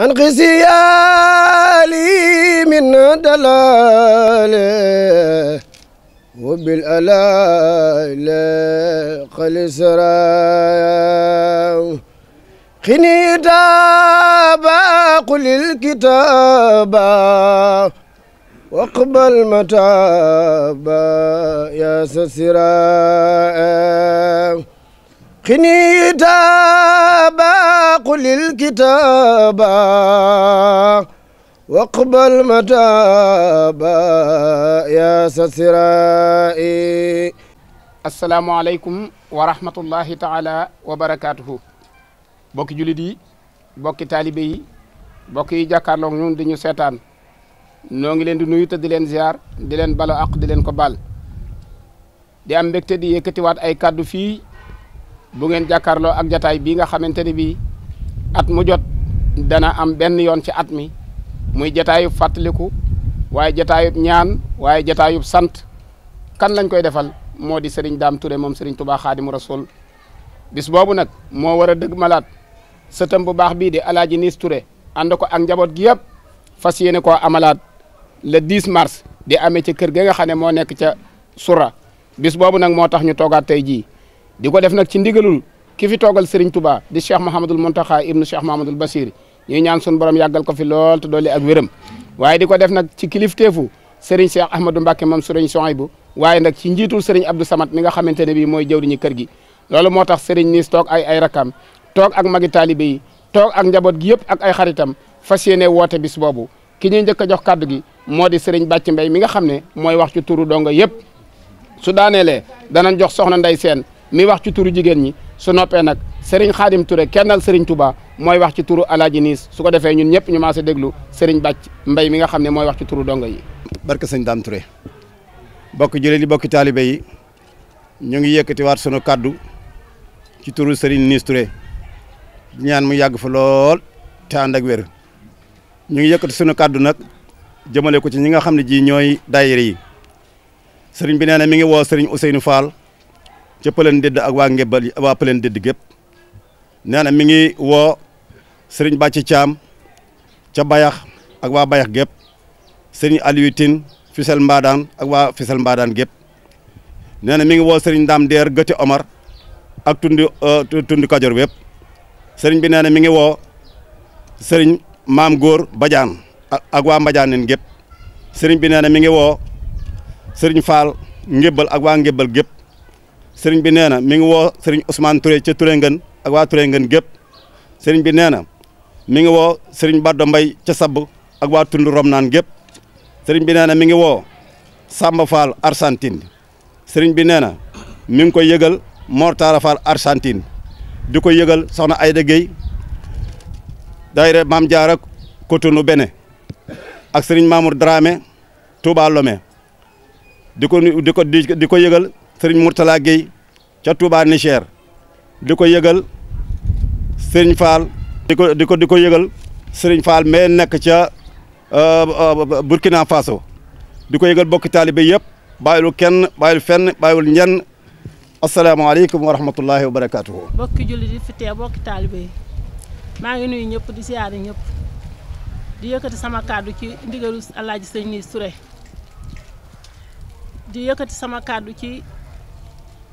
أنقذي يا لي من دلالة وبالألال قل سرايا خني تابا قل الكتابا واقبل متابا يا سسرايا قني تابا قل الكتابا واقبل متابا يا سسرائي asalaamu aleykum wa rahmatullahi taala wa barakaatuhu bokki jullit yi bokki taalibe yi bokk yi ñun di ñu seetaan noo ngi leen di nuyu te di leen ziar di leen balo di leen ko baal di am mbégte di yëkkatiwaat ay kàddu fii bu ngeen jàkkaarloo ak jataay bii nga xamante ni bii at mu jot dana am benn yoon ci at mi muy jataayub fàttaliku waaye jataayub ñaan waaye jataayub sant kan lañ koy defal moo di sëriñ Daam ture moom sëriñ Tubaa Xaadimu Rasuul bis boobu nag moo war a dëgg malaat sëtam bu baax bii di Alaaji Niis Touré ànd ko ak njaboot gi yëpp fas yéene ko amalaat le 10 mars di amee ci kër ga nga xam ne moo nekk ca Sura bis boobu nag moo tax ñu toogaat tey jii di ko def nag ci ndigalul ki fi toogal Serigne Touba di Cheikh Mouhamadul Mountakha ibnu Cheikh Mouhamadul Bachir ñuy ñaan sun borom yàggal ko fi lool te doole ak wéram waaye di ko def nag ci kilifteefu Serigne Cheikh Ahmadou Mbacke moom Serigne Souhaïbou waaye nag ci njiitul Serigne Abdou Samad mi nga xamante ne bii mooy jëwriñu kër gi loolu moo tax Serigne Niis toog ay ay rakam toog ak magi taalibe yi toog ak njaboot gi yëpp ak ay xaritam fas yéene woote bis boobu ki ñuy njëkk a jox kàddu gi moo di Serigne Bàcc Mbay mi nga xam ne mooy wax ci turu donga yëpp su daaneelee danañ jox soxna Nday Seen mi wax ci turu jigéen ñi su noppee nag Serigne Khadim Touré kennal Serigne Touba mooy wax ci turu Alaaji Niis su ko defee ñun ñëpp ñu maase déglu Serigne Bàcc Mbay mi nga xam ne mooy wax ci turu dongo yi. barke sëñ Dame Touré bokk jullit yi bokk taalibe yi ñu ngi waat sunu kaddu ci turu Serigne Niis Touré ñaan mu yàgg fa lool te ànd ak wér ñu ngi yëkkati sunu kaddu nag jëmale ko ci ñi nga xam ne ji ñooy daayira yi Serigne bi nee na mi ngi woo Serigne Ousseynou Fall. ca Pëleen Dëdd ak waa Ngebal waa Pëleen Dëdd gépp nee na mi ngi woo sëriñ Bàcci Caam ca Bayax ak waa Bayax gépp sëriñ Aliou Tine Fisel ak waa Fisel Mbaadaan gépp nee na mi ngi woo sëriñ Ndaam Deer Gëti Omar ak tundi euh, tundi Kajoor wépp sëriñ bi nee na mi ngi woo sëriñ Maam Góor Badiane ak waa Mbadiane nen gépp sëriñ bi nee na mi ngi woo sëriñ Fall Ngébal ak waa Ngébal gépp sëriñ bi nee na mi ngi woo sëriñ Ousmane Touré ca Touré Ngën ak waa Touré Ngën gépp sëriñ bi nee na mi ngi woo sëriñ Baddo Mbay ca Sabb ak waa tund Romnaan gépp sëriñ bi nee na mi ngi woo Samba Fall Argentine sëriñ bi nee na mi ngi koy yëgal Mortara Fall Argentine di ko yëgal soxna Ayda Gueye daayira Maam Jaara Cotonou Bénin ak sëriñ Mamour Dramé Touba Lomé di di ko yëgal sëriñ Mourtala Guèye ca Touba Niger di ko yëgal sëriñ Fall di ko di ko di ko yëgal sëriñ Fall mais nekk ca euh, euh, Burkina Faso di ko yëgal bokki taalibe yëpp bàyyilu kenn bàyyilu fenn bàyyiwul ñenn asalaamaaleykum wa rahmatullahi wa barakaatuhu. bokki jullit yi fi bokki taalibe yi maa ngi nuyu ñëpp di siyaare ñëpp di yëkkati sama kàddu ci ndigalu Alaaji Sëñ Touré di yëkkati sama kàddu ci.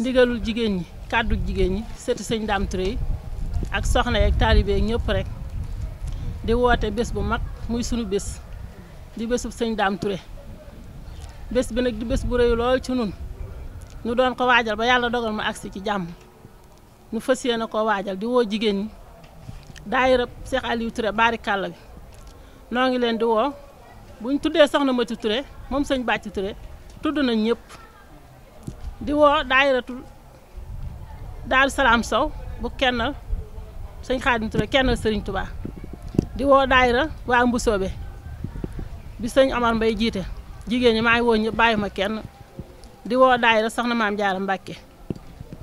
ndigalul jigéen ñi kàddu jigéen ñi sëti sëñ Dame Touré ak soxna yeeg taalibe ñëpp rek di woote bés bu mag muy sunu bés di bésub sëñ Dame Touré bés bi nag di bés bu rëy lool ci nun ñu doon ko waajal ba yàlla dogal ma agsi ci jàmm ñu fas yéene ko waajal di woo jigéen ñi daayira Cheikh Aliou Touré baari kàlla bi noo ngi leen di woo buñ tuddee soxna Mati Touré moom sëñ Bàcc Touré tudd nañ ñëpp di woo daayiratul daaru salaam sow bu kennal sëñ Xaadim Touré kennal sëriñ tubaa di woo daayira waa Mbusoobe bi sëñ Omar Mbay jiite jigéen ñi maa ngi woo ñëpp bàyyi ma kenn di woo daayira soxna maam Jaara Mbàkke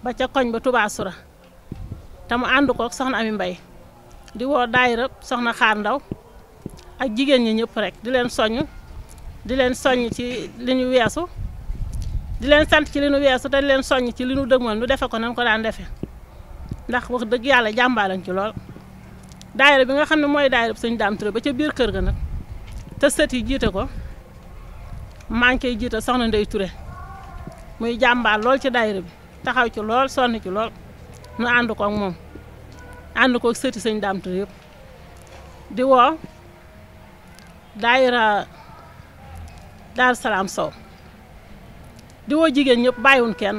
ba ca koñ ba Touba Soura te mu ànd kook soxna Ami Mbay di woo daayira soxna Xaar Ndaw ak jigéen ñi ñëpp rek di leen soññ di leen soññ ci li ñu weesu di leen sant ci li nu weesu te di leen soññ ci li nu dëgmal nu defe ko nan ko daan defe ndax wax dëgg yàlla jàmbaalañ ci lool daayira bi nga xam ne mooy daayira bi sëñ Dame Touré ba ca biir kër ga nag te sët jiite ko maa ngi koy jiite soxna Ndeye ture muy jàmbaar lool ci daayira bi taxaw ci lool sonn ci lool nu ànd ko ak moom ànd ko sëti sëñ Dame Touré yëpp di woo daayira Daaru Salaam Sow di woo jigéen ñëpp bàyyiwun kenn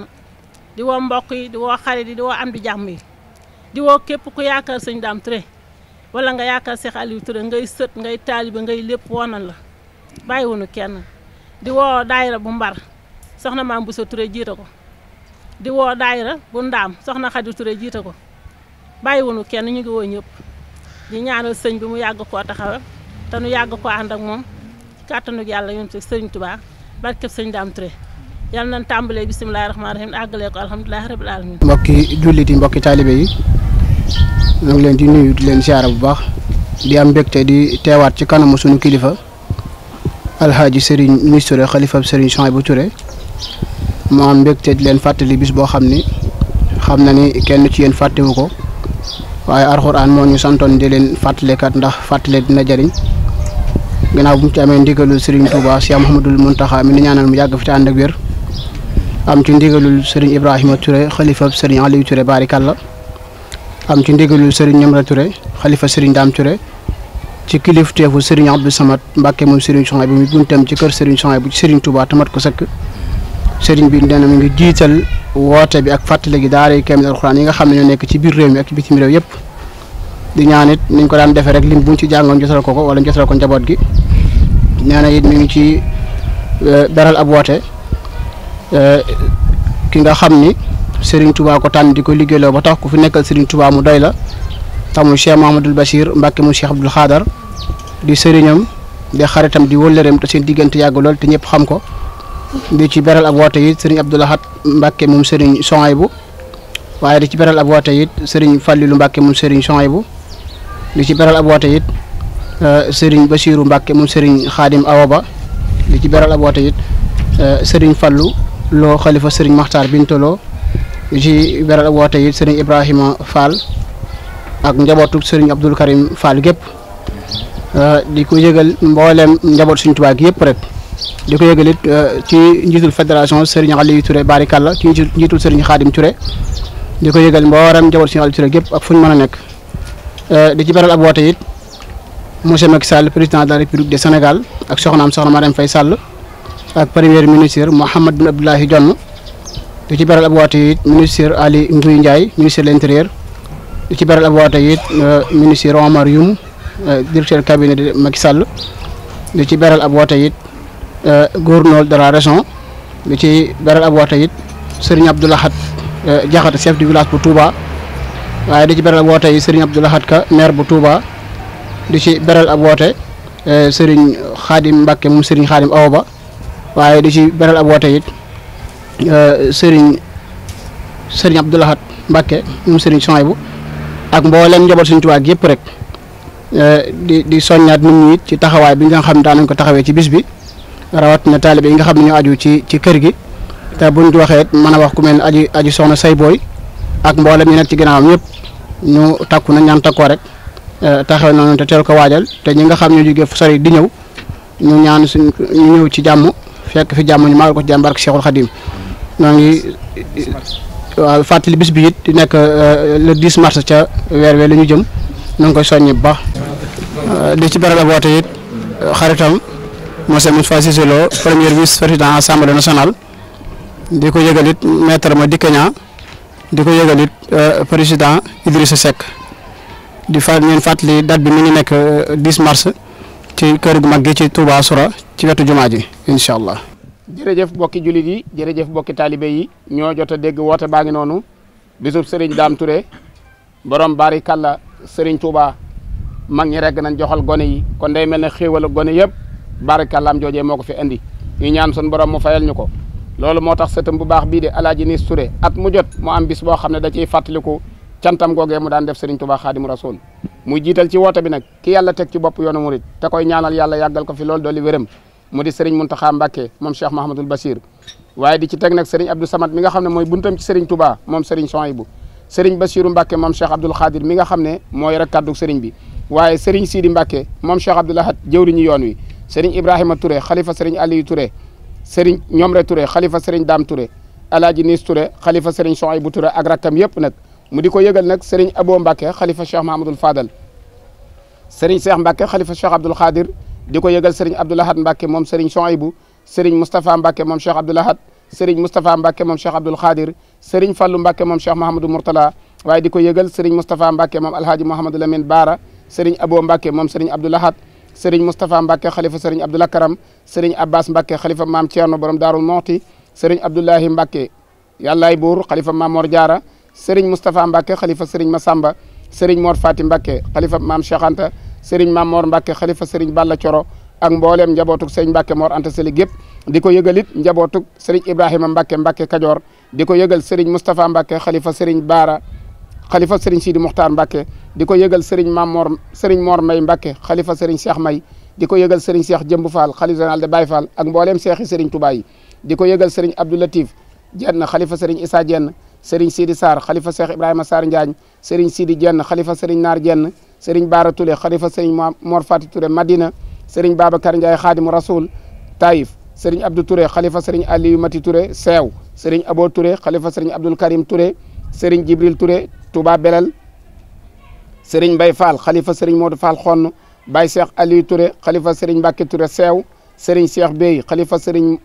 di woo mbokk yi di woo xarit yi di woo am di jàmm yi di woo képp ku yaakaar sëñ Dame Touré wala nga yaakaar Cheikh Aliou Touré ngay sët ngay taalibe ngay lépp wonan la bàyyiwunu kenn di woo daayira bu mbar soxna maam Bousso Touré jiita ko di woo daayira bu ndaam soxna Khady Touré jiita ko bàyyiwunu kenn ñu ngi woo ñëpp di ñaanal sëñ bi mu yàgg koo taxawe te nu yàgg ko ànd ak moom kàttanu yàlla yoon si sëriñ tubaa barkeb sëñ yàlla nañ tàmbalee bisimilah rahmaani rahiim àggalee ko alhamdulilah mbokki jullit yi mbokki taalibe yi ñu ngi leen di nuyu di leen siyaara bu baax di am mbégte di teewaat ci kanamu suñu kilifa alhaaji sëriñ ministre Touré xalifa Serigne bu Touré moo am mbégte di leen fàttali bis boo xam ni xam na ni kenn ci yéen fàttewu ko waaye alxuraan moo ñu santoon di leen fàttalekat ndax fàttale dina jëriñ ginnaaw bu mu ci amee ndigalul Serigne Touba Cheikh Mouhamadoul Mountakha mi ni ñaanal mu yàgg fu ci ànd ak am ci ndigalul sëriñ Ibrahima Touré xalifa sëriñ Aliou Touré barikàlla am ci ndigalul sëriñ Ñamra Touré xalifa sëriñ Daam Touré ci kilifteefu sëriñ Abdou Samad Mbàkke moom sëriñ Soxna bi mu buntam ci kër sëriñ Soxna bu ci sëriñ Touba tamat ko sëkk sëriñ bi nee mi ngi jiital woote bi ak fàttali gi daara kaamil alxuraan yi nga xam ne ñoo nekk ci biir réew mi ak bitim réew yëpp di ñaan it niñ ko daan defee rek lim buñ ci jàngoon jotal ko ko wala jotal ko njaboot gi nee na it mi ngi ci euh, beral ab woote ki nga xam ni Serigne tubaa ko tànn di ko liggéeyloo ba tax ku fi nekkal Serigne tubaa mu doy la tamu Cheikh Mahamadul Bachir Mbacke mu Cheikh Abdoul Xaadar di sëriñam di xaritam di wëllëreem te seen diggante yàgg lool te ñëpp xam ko di ci beral ab woote it Serigne Abdoul Ahad Mbacke moom Serigne Souhaïbou waaye di ci beral ab woote it Serigne Fallilou Serigne Souhaïbou di ci beral ab woote it euh, Serigne Bachirou Mbacke moom Serigne Ba di ci beral ab woote it euh, Serigne loo xalifa sëriñ Maxtaar Bintoloo ji beral woote it sëriñ Ibrahima Fall ak njabootu sëriñ Abdul Karim Fall gépp euh, di ko yëgal mboolem njaboot suñ Tuubaa gi yëpp rek di ko yëgal it euh, ci njiitul fédération sëriñ Aliou Touré Barikalla ci njiitul sëriñ Xaadim Touré di ko yëgal mboolem njaboot suñu Aliou Touré gépp ak fuñ ñu mën nekk euh, di ci beral ab woote it monsieur Macky Sall président de la République du Sénégal ak soxnaam soxna Marème fay Sall. ak premier ministre Mahammed Boun Abdallah Dionne du ci beral ab woote it ministre Ali Ngouille Ndiaye ministre l'intérieur du ci beral ab woote it euh, ministre Omar Youm euh, directeur cabinet de Macky Sall ci beral ab woote it euh, gouverneur de la région du ci it Serigne Abdou Lahad Diakhaté chef du village bu Touba waaye du ci beral ab woote it Serigne Abdou Ka maire bu Touba ci beral ab woote Serigne Khadim Mbacké moom Serigne Khadim Awa waaye di ci beral ab woote it euh, sëriñ sëriñ Abdoulahat Mbacke moom sëriñ Souhaïbou ak mboolem njaboot suñu Tuubaa yëpp rek euh, di di soññaat ci taxawaay bi nga xam ne daan ko taxawee ci bis bi rawat na taalibe yi nga xam ne ñoo aju ci ci kër gi te buñ waxee mën a wax ku mel ne aji aji soxna say ak mboolem ñi nekk ci ginnaawam yëpp ñu takku na ñaan takkoo rek euh, taxaw noonu te teel ko waajal te ñi nga xam ñu jógee fu sori di ñëw ñu ñaan suñ ñu ñëw ci jàmm. fekk fi jàmm ñu magal ko ci jàmm barke Cheikhul Khadim ñoo ngi waaw fàttali bis bi it di nekk euh, le 10 mars ca weer wee la ñu jëm ñu ngi koy soññi bu baax euh, di ci beral ak woote it euh, xaritam monsieur Moustapha Cissé Lo premier vice président assemblée nationale di ko yëgal it maître Madické Niang di ko yëgal it président Idrissa Seck di fa ngeen fàttali date bi mu ngi nekk 10 mars. ci kër gu mag gi ci Touba Soura ci wetu jumaa ji incha allah. jërëjëf bokki jullit yi jërëjëf bokki taalibe yi ñoo jot a dégg woote baa ngi noonu bisub sëriñ Dame ture borom bari kàlla Serigne Touba mag ñi rek nañ joxal gone yi kon day mel ne xéewal gone yëpp bari kàllaam joojee moo ko fi andi ñu ñaan sun borom mu fayal ñu ko. loolu moo tax sëtam bu baax bii de alaaji Nis Touré at mu jot mu am bis boo xam ne da ciy fàttaliku cantam googee mu daan def Serigne Touba Xaadimu Rasuul muy jiital ci woote bi nag ki yàlla teg ci bopp yoonu murit te koy ñaanal yàlla yàggal ko fi loolu dolli wéram mu di Serigne Mountakha Mbacké moom Cheikh Mahamadul Bachir waaye di ci teg nag Serigne Abdou Samad mi nga xam ne mooy buntam ci Serigne Touba moom Serigne Souhaïbou Serigne Bachiru Mbacké moom Cheikh Abdoul Khadir mi nga xam ne mooy rek kaddu Serigne bi waaye Serigne Sidi Mbacké moom Cheikh Abdoul Ahad jëwriñu yoon wi Serigne Ibrahima Touré xalifa Serigne Aliou Touré Serigne Ñomre Touré xalifa Serigne Dame Touré Alaaji Niis Touré xalifa Serigne Souhaïbou Touré ak rakkam yëpp nag mu di ko yëgal nag sëriñ Abo Mbacke xalifa Cheikh Mahamadul Fadal sëriñ Cheikh Mbacke xalifa Cheikh Abdoul Khadir di ko yëgal sëriñ Abdoul Ahad Mbacke moom sëriñ Souhaïbou sëriñ Moustapha Mbacke moom Cheikh Abdoul Ahad sëriñ Moustapha Mbacke moom Cheikh Abdoul Khadir sëriñ Fallou Mbacke moom Cheikh Mahamadou Mourtala waaye di ko yëgal sëriñ Moustapha Mbacke moom Alhaji Mouhamadou Lamine Baara sëriñ Abo Mbacke moom sëriñ Abdoul Ahad sëriñ Moustapha Mbacke xalifa sëriñ Abdoul Karam sëriñ Abbas Mbacke xalifa maam Thierno borom Daarul Moxti sëriñ Abdoulahi Mbacke yàllaay buur xalifa maam Mor Diara sëriñ Moustapha Mbacke xalifa sëriñ Massamba sëriñ Mor Fati Mbacke xalifa mam Cheikh Anta sëriñ maam Mor Mbacke xalifa sëriñ Balla Coro ak mbooleem njabootug sëriñ Mbacke Mor Anta Sali gépp di ko yëgal it njabootug sëriñ Ibrahima Mbacke Mbacke Kajoor di ko yëgal sëriñ Moustapha Mbacke xalifa sëriñ Baara xalifa sëriñ Sidi Muxtaar Mbacke di ko yëgal sëriñ maam Mor sëriñ May Mbacke xalifa sëriñ Cheikh May di ko yëgal sëriñ Cheikh Jëmb Fall xalifa général de Baye ak mbooleem seexi sëriñ Touba yi di ko yëgal sëriñ Abdou Latif xalifa sëriñ Issa Serigne Sidi Sarr xalifa Cheikh Ibrahima Sarr Njaañ Serigne Sidi Jenn xalifa Serigne Naar Jenn Serigne Baara Touré xalifa Serigne Mor Fati Touré Madina Serigne Babacar Ndiaye Xaadimu Rasul Taïf Serigne Abdou Touré xalifa Serigne Aliou Mati Touré Seew Serigne Abo Touré xalifa Serigne Abdoul Karim Touré Serigne Jibril Touré Touba Belal Serigne Mbaye Fall xalifa Serigne Modou Fall Xonn Baye Cheikh Aliou Touré xalifa Serigne Mbacke Touré Seew Serigne Cheikh Bey xalifa Serigne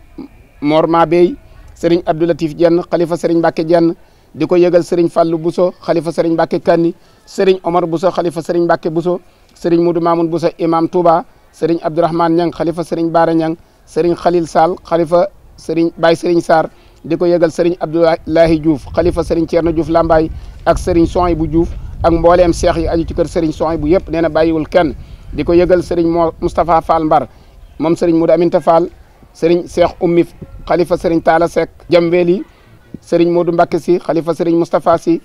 Mor Bey sëriñ Abdou Latif Diène xalifa sëriñ jenn Diène di ko yëgal sëriñ Fallou Bousso xalifa sëriñ Mbacke Kanni sëriñ Omar Bousso xalifa sëriñ Mbacke Bousso sëriñ Moudou Mamoun Bousso imam Touba sëriñ Abdourahmane ñan xalifa sëriñ Baara Niang seriñ Khalil sal xalifa sëriñ Baye sëriñ Sarr di ko yëgal sëriñ Abdoulahi Diouf xalifa sëriñ Thierno Diouf Lambaye ak sëriñ Soy bu Diouf ak mbooleem seex yi aju ci kër sëriñ Soy bu yëpp nee na wul ken di ko yëgal sëriñ Moustapha Fall Mbar moom sëriñ Cheikh Oumy xalifa sëriñ Talla Seck Jamweeli sëriñ Modou Mbacke si xalifa sëriñ Moustapha si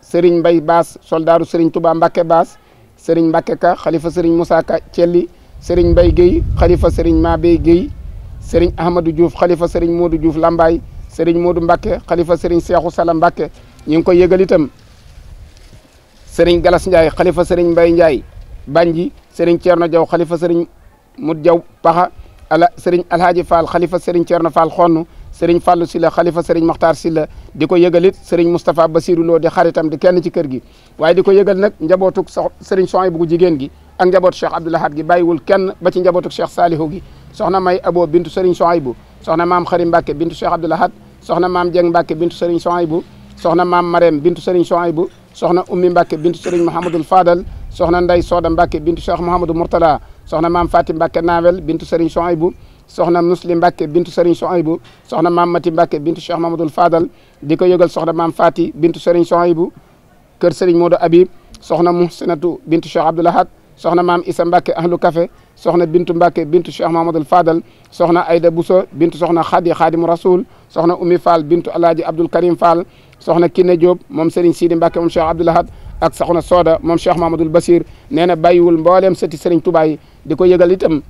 sëriñ Mbay Baas soldaaru sëriñ Touba Mbacke Baas sëriñ Mbacke Ka xalifa sëriñ Moussa Ka Thielly Mbay Guèye xalifa sëriñ Mabey Guèye sëriñ Ahmadou Diouf xalifa sëriñ Modou Diouf Lambaay sëriñ Modou Mbacke xalifa sëriñ Cheikhou Salam Mbacke ñu ngi koy yëgal itam sëriñ Galas Ndiaye xalifa sëriñ Mbay Ndiaye Banji sëriñ Thierno Diaw xalifa sëriñ Mut Diaw Paxa ala sëriñ alhaaji fall xalifa sëriñ Thierno fall xonn sëriñ Fallou Silla xalifa sëriñ Makhtar Silla di ko yëgalit sëriñ Moustapha Basirou Lo di xaritam di kenn ci kër gi waaye di ko yëgal nag njabootug sëriñ Sohaybu bu jigéen gi ak njabootu Cheikh Abdoul gi bay wul kenn ba ci njabootug Cheikh Salihu gi soxna may abo bintu sëriñ Sohaybu soxna maam Xari Mbàkke bintu Cheikh Abdoul Ahad soxna maam Jeng Mbàkke bintu sëriñ Sohaybu soxna maam Marème bintu sëriñ Sohaybu soxna ummi Mbàkke bintu sëriñ Mouhamadul Fadal soxna nday Sooda Mbàkke bintu Cheikh Mouhamadou Mourtala soxna maam Faati Mbàkke Naawel bintu Serigne Souhaïbou soxna Muslim Mbàkke bintu Serigne Souhaïbou soxna maam Mati Mbàkke bintu Cheikh Mamadul Fadal di ko yëgal soxna maam Faati bintu Serigne Souhaïbou kër Serigne Modou Habib soxna Muhsinatu bintu Cheikh Abdoul Ahad soxna maam Isa Mbàkke ahlu Kafe soxna bintu Mbàkke bintu Cheikh Mamadul Fadal soxna Ayda Bousso bintu soxna Khadi Khadimu Rasoul soxna Oumy Fall bintu Alaaji Abdoul Karim Fall soxna Kiné Diop moom Serigne Sidi Mbàkke moom Cheikh Abdoul Ahad ak soxna Soda moom Cheikh Mamadul Basir nee na bàyyiwul mbooleem sëti Serigne Touba di ko yëgal itam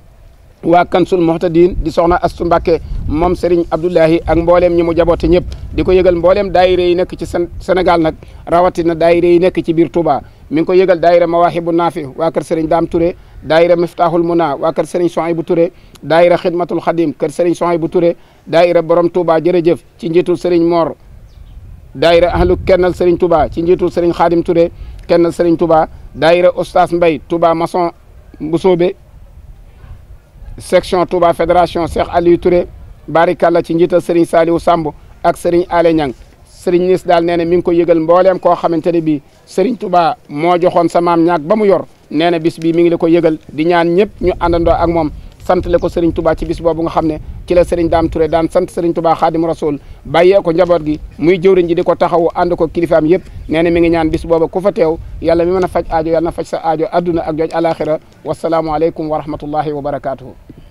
waa Kansul Muhtadin di soxna Astu Mbàkke moom Serigne Abdoulahi ak mbooleem ñi mu jaboote ñëpp di ko yëgal mbooleem daayira yi nekk ci senegal nag rawatina daayira yi nekk ci biir Touba mi ngi ko yëgal daayira Mawaahibu Naafi waa kër Serigne Daam Touré daayira Miftahul Muna waa kër Serigne Souhaïbou Touré daayira Xidmatul Xadim kër Serigne Souhaïbou Touré daayira Borom Touba jërëjëf ci njiitul Serigne moor daayira ahlu kennal Serigne Touba ci njiitul Serigne Xaadim Touré kennal Serigne Touba daayira Oustaz Mbay Touba maçon Mbusoobe section Touba fédération Cheikh Aliou Touré barikalla ci njiital Serigne Saliou Samb ak Serigne Ale Niang Serigne Nis daal nee na mi ngi ko yëgal mbooleem koo xamante ne bii Serigne Touba moo joxoon sa maam ñaag ba mu yor nee na bis bii mi ngi la ko yëgal di ñaan ñëpp ñu àndandoo ak moom sant le ko Serigne Touba ci bis boobu nga xam ne ci la Serigne Dame Touré daan sant Serigne Touba Xaadim Rasul bàyyee ko njaboot gi muy jëwriñ ji di ko taxawu ànd ko kilifaam yëpp nee na mi ngi ñaan bis booba ku fa teew yàlla mi mën a faj aajo yàlla na faj sa aajo adduna ak jooj alaxira wasalaamualeykum wa rahmatullahi wa barakaatuhu